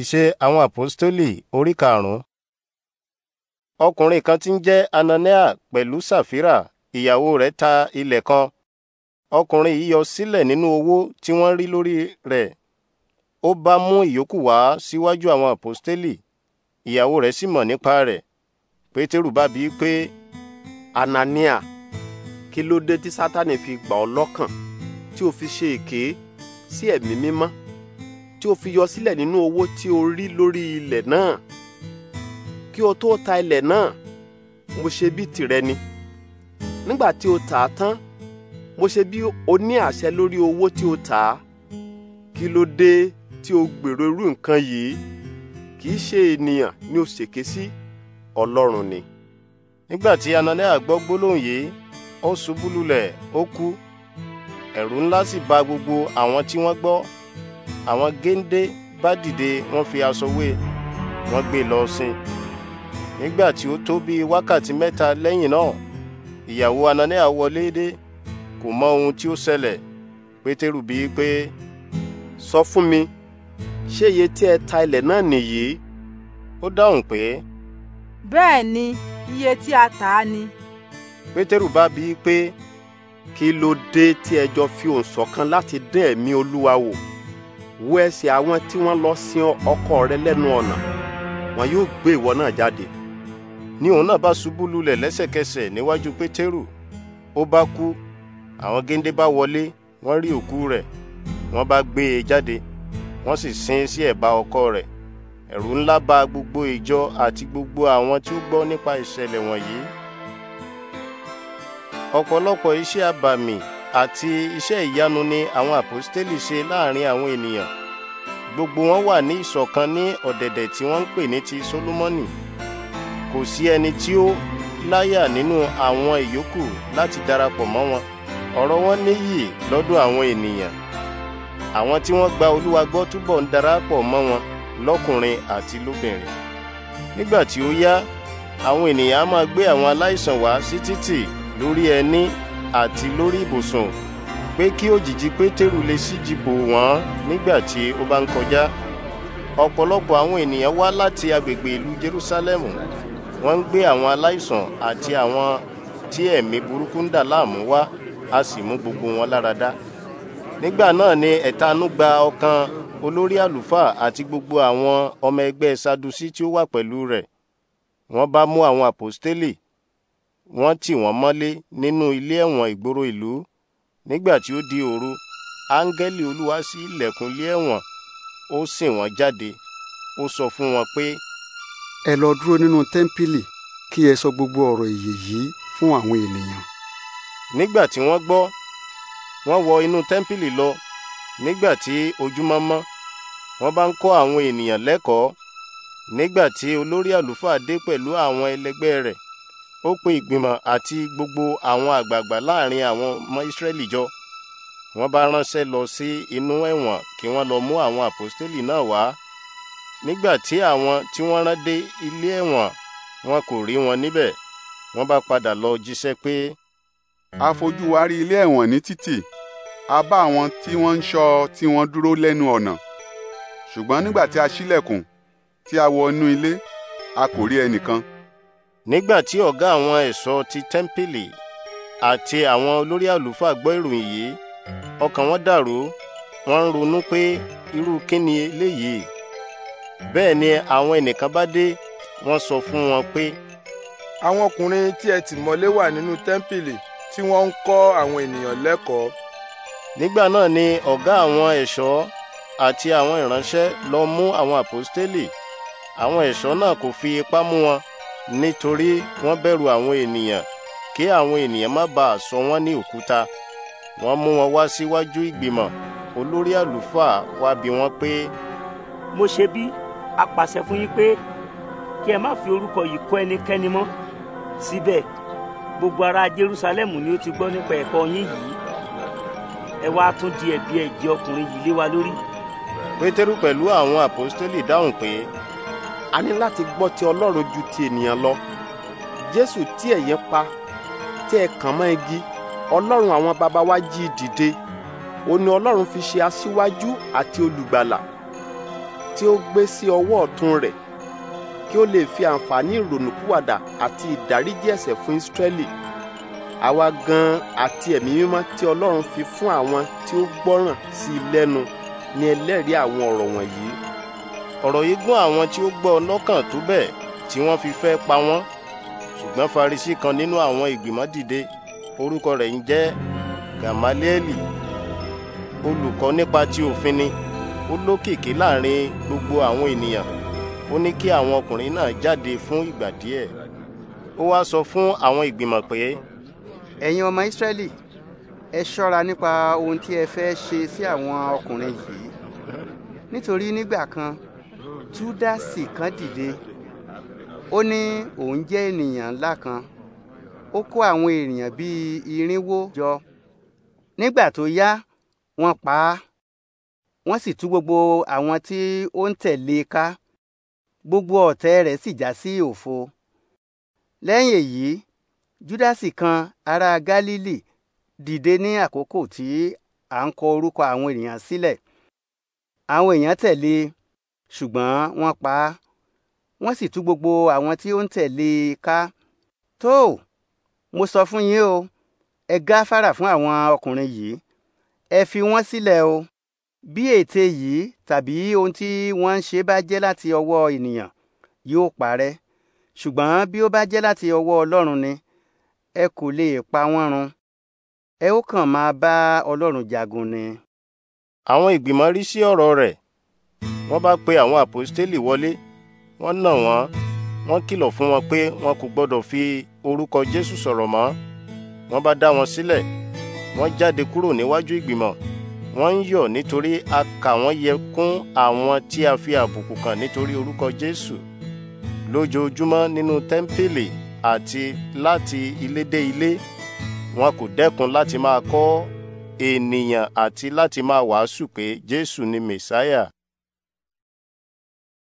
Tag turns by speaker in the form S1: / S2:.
S1: Ìṣe àwọn àpọ́stólì orí karùn-ún. Ọkùnrin kan tí ń jẹ́ Anania pẹ̀lú Sàfírà ìyàwó rẹ̀ ta ilẹ̀ kan. Ọkùnrin yìí yọ sílẹ̀ nínú owó tí wọ́n rí lórí rẹ̀. Ó bá mú ìyókù wá síwájú àwọn àpọ́stélì. Ìyàwó rẹ̀ sì mọ̀ nípa rẹ̀. Pétérù bá bíi pé Anania kí ló dé tí Sátánì fi gbà ọ́ lọ́kàn tí o fi ṣe èké sí ẹ̀mí mímọ́? tí o fi yọ sílẹ̀ nínú owó tí o rí lórí ilẹ̀ náà kí o tó ta ilẹ̀ náà mo ṣe bí tìrẹ ni nígbà tí o tà á tán mo ṣe bí o ní àṣẹ lórí owó tí o tà á kí ló dé tí o gbèrò irú nǹkan yìí kì í ṣe ènìyàn ni o ṣèké sí ọlọ́run ni. nígbà tí anania gbọ́ gbólóhùn yìí ó ṣubú lulẹ̀ ó kú ẹ̀rù ńlá sì bà gbogbo àwọn tí wọ́n gbọ́ àwọn géńdé bá dìde wọ́n fi aṣọ wé e, wọ́n gbé e lọ sin nígbà tí ó tó bíi wákàtí mẹ́ta lẹ́yìn náà ìyàwó anania wọlé dé kò mọ ohun tí ó ṣẹlẹ̀ pétérù bíi pé sọ fún mi ṣé iye tí ẹ ta ilẹ̀ náà nìyí ó dáhùn pé. bẹ́ẹ̀ ni iye tí a tà á ni. pétérù bá bíi pé kí ló dé tí ẹ jọ fi òǹsọ̀kan láti dán ẹ̀mí olúwa wò wo ẹsẹ̀ àwọn tí wọ́n lọ sin ọkọ rẹ lẹ́nu ọ̀nà wọn yóò gbé ìwọ náà jáde. ní òun náà bá ṣubú lulẹ̀ lẹ́sẹ̀kẹsẹ̀ níwájú pétérù ó bá kú àwọn géńdé bá wọlé wọ́n rí òkú rẹ̀ wọ́n bá gbé e jáde wọ́n sì sin sí ẹ̀bá ọkọ rẹ̀ ẹ̀rù ńlá bà gbogbo ìjọ àti gbogbo àwọn tí ó gbọ́ nípa ìṣẹ̀lẹ̀ wọ̀nyí ọ̀pọ̀lọpọ̀ iṣẹ́ abàmì àti iṣẹ́ ìyanu ni àwọn àpọ́stélì ṣe láàrin àwọn ènìyàn gbogbo wọn wà ní ìṣọ̀kan ní ọ̀dẹ̀dẹ̀ tí wọ́n ń pè ní ti Sólómọ́nì kò sí ẹni tí ó láyà nínú àwọn ìyókù láti darapọ̀ mọ́ wọn ọ̀rọ̀ wọn níyì lọ́dọ̀ àwọn ènìyàn àwọn tí wọ́n gba Olúwa gbọ́ túbọ̀ ń darapọ̀ mọ́ wọn lọ́kùnrin àti lóbìnrin nígbà tí ó yá àwọn ènìyàn á máa gbé àwọn aláìsàn wá sí títì lórí ẹní àti lórí ibùsùn pé kí òjìji pétérù lè ṣíjibò wọ́n nígbà tí ó bá ń kọjá ọ̀pọ̀lọpọ̀ àwọn ènìyàn wá láti agbègbè ìlú Jerúsálẹ́mù wọ́n ń gbé àwọn aláìsàn àti àwọn tí ẹ̀mí burúkú ń dà láàmú wá a sì mú gbogbo wọn láradá nígbà náà ni ẹ̀tanú gba ọkàn olórí àlùfáà àti gbogbo àwọn ọmọ ẹgbẹ́ sadusi tí ó wà pẹ̀lú rẹ̀ wọ́n bá mú àwọn àpòstélì wọ́n tì wọ́n mọ́lé nínú ilé ẹ̀wọ̀n ìgboro ìlú nígbà tí ó di òru áńgẹ́lì olúwa ṣí ilẹ̀kùn ilé ẹ̀wọ̀n ó sìn wọ́n jáde ó sọ fún wọn pé. ẹ lọ dúró nínú tẹ́ḿpìlì kí ẹ sọ gbogbo ọ̀rọ̀ ìyè yìí
S2: fún àwọn ènìyàn.
S1: nígbà tí wọ́n gbọ́ wọ́n wọ inú tẹ́ḿpìlì lọ nígbà tí ojúmọ́ mọ́ wọ́n bá ń kọ́ àwọn ènìyàn lẹ́kọ̀ọ́ nígbà tí olórí àlùfáà dé pẹ̀lú àwọn ẹlẹgbẹ́ rẹ̀ ó pe ìgbìmọ̀ àti gbogbo àwọn àgbààgbà láàrin àwọn ọmọ Ísírẹ́lì jọ wọ́n bá ránṣẹ́ lọ sí inú ẹ̀wọ̀n kí wọ́n lọ mú àwọn àpòstélì náà wá nígbà tí àwọn tí wọ́n rán dé ilé ẹ̀wọ̀n wọn kò rí wọn níbẹ̀ wọ́n bá padà lọ jíṣẹ́ pé. a fojú wa rí ilé ẹ̀wọ̀n ní títì a bá àwọn tí wọ́n ń ṣọ́ tí wọ́n dúró lẹ́nu ọ̀nà ṣùgbọ́n nígbà tí a ṣílẹ̀kùn tí a wọ inú ilé a kò rí ẹnìkan nígbà tí ọ̀gá àwọn ẹ̀ṣọ́ ti tẹ́ḿpìlì àti àwọn olórí àlùfáà gbọ́ ìròyìn yìí ọkàn wọn dàrú wọ́n ń ronú pé irú kí ni eléyìí bẹ́ẹ̀ ni àwọn ẹnìkan bá dé wọ́n sọ fún wọn pé. àwọn ọkùnrin tí ẹ tì mọ́lé wà nínú tẹ́ḿpìlì tí wọ́n ń kọ́ àwọn ènìyàn lẹ́kọ̀ọ́. nígbà náà ni ọ̀gá àwọn ẹ̀ṣọ́ àti àwọn ìránṣẹ́ lọ mú àwọn àpọ́stélì àwọn ẹ̀ṣọ́ náà kò fi ipá mú wọn nítorí wọ́n bẹ̀rù àwọn ènìyàn kí àwọn ènìyàn má bàa sọ wọ́n ní òkúta wọ́n mú wọn wá síwájú ìgbìmọ̀ olórí àlùfáà wá bi wọ́n pé. mo ṣe bí a pàṣẹ fún yín pé kí ẹ má fi orúkọ yìí kọ́ ẹnikẹ́ni mọ́ síbẹ̀ gbogbo ará Jerúsálẹ́mù ni ó ti gbọ́ nípa ẹ̀kọ́ yín yìí ẹ wá tún di ẹ̀bi ẹ̀jẹ̀ ọkùnrin yìí lé wa lórí. Pétérù pẹ̀lú àwọn àpọ́stélì dáhùn pé a ní láti gbọ́ ti ọlọ́run ju ti ènìyàn lọ jésù tí ẹ̀yin pa tí ẹ kàn mọ́ igi ọlọ́run àwọn baba wa jí dìde ó ní ọlọ́run fi ṣe aṣíwájú àti olùgbàlà tí ó gbé sí ọwọ́ ọ̀tún rẹ̀ kí ó lè fi àǹfààní ìrònúpìwàdà àti ìdáríjì ẹ̀ṣẹ̀ fún Ísírẹ́lì àwa gan àti ẹ̀mí mímọ́ tí ọlọ́run fi fún àwọn tí ó gbọ́ràn sí i lẹ́nu ni ẹlẹ́rìí àwọn ọ̀rọ̀ wọ̀nyí ọ̀rọ̀ yìí gún àwọn tí ó gbọ́ lọ́kàn tó bẹ́ẹ̀ tí wọ́n fi fẹ́ pa wọ́n ṣùgbọ́n Farisí kan nínú àwọn ìgbìmọ̀ dìde orúkọ rẹ̀ ń jẹ́ Gamalieli olùkọ́ nípa ti òfin ni ó lókìkí láàrin gbogbo àwọn ènìyàn ó ní kí àwọn ọkùnrin náà jáde fún ìgbà díẹ̀ ó wá
S2: sọ fún àwọn ìgbìmọ̀ pé. ẹ̀yin ọmọ Ísírẹ́lì ẹ ṣọ́ra nípa ohun tí ẹ fẹ́ ṣe sí àwọn ọkùnrin yìí nítorí nígbà kan júdásì kan dìde ó ní òun jẹ́ ènìyàn ńlá kan ó kó àwọn ènìyàn bíi irínwó jọ nígbà tó yá wọ́n pa á wọ́n sì tú gbogbo àwọn tí ó ń tẹ̀lé e ká gbogbo ọ̀tẹ̀ rẹ̀ sì já sí òfo lẹ́yìn èyí júdásì kan ará gálílì dìde ní àkókò tí à ń kọ orúkọ àwọn ènìyàn sílẹ̀ àwọn èèyàn tẹ̀lé e ṣùgbọ́n wọ́n pa á wọ́n sì tú gbogbo àwọn tí ó ń tẹ̀lé e ká tó mo sọ fún yín o ẹ gáfárà fún àwọn ọkùnrin yìí ẹ fi wọ́n sílẹ̀ o bí ète yìí tàbí ohun tí wọ́n ń ṣe bá jẹ́ láti ọwọ́ ènìyàn yóò parẹ́ ṣùgbọ́n bí ó bá jẹ́ láti ọwọ́ Ọlọ́run ni ẹ kò lè pa wọ́n run ẹ ó kàn máa bá Ọlọ́run jagun ni. àwọn ìgbìmọ̀ rí sí ọ̀rọ̀ rẹ̀ wọ́n bá pe
S1: àwọn àpòstélì wọlé wọ́n nà wọ́n wọ́n kìlọ̀ fún wọn pé wọn kò gbọ́dọ̀ fi orúkọ jésù sọ̀rọ̀ mọ́ wọ́n bá dá wọn sílẹ̀ wọ́n jáde kúrò níwájú ìgbìmọ̀ wọ́n ń yọ̀ nítorí a kà wọ́n yẹ kún àwọn tí a fi àbùkù kàn nítorí orúkọ jésù lójoojúmọ́ nínú tẹ́ḿpìlì àti láti ilé dé ilé wọn kò dẹ́kun láti máa kọ́ ènìyàn àti láti máa wàásù pé jésù ni mèsáyà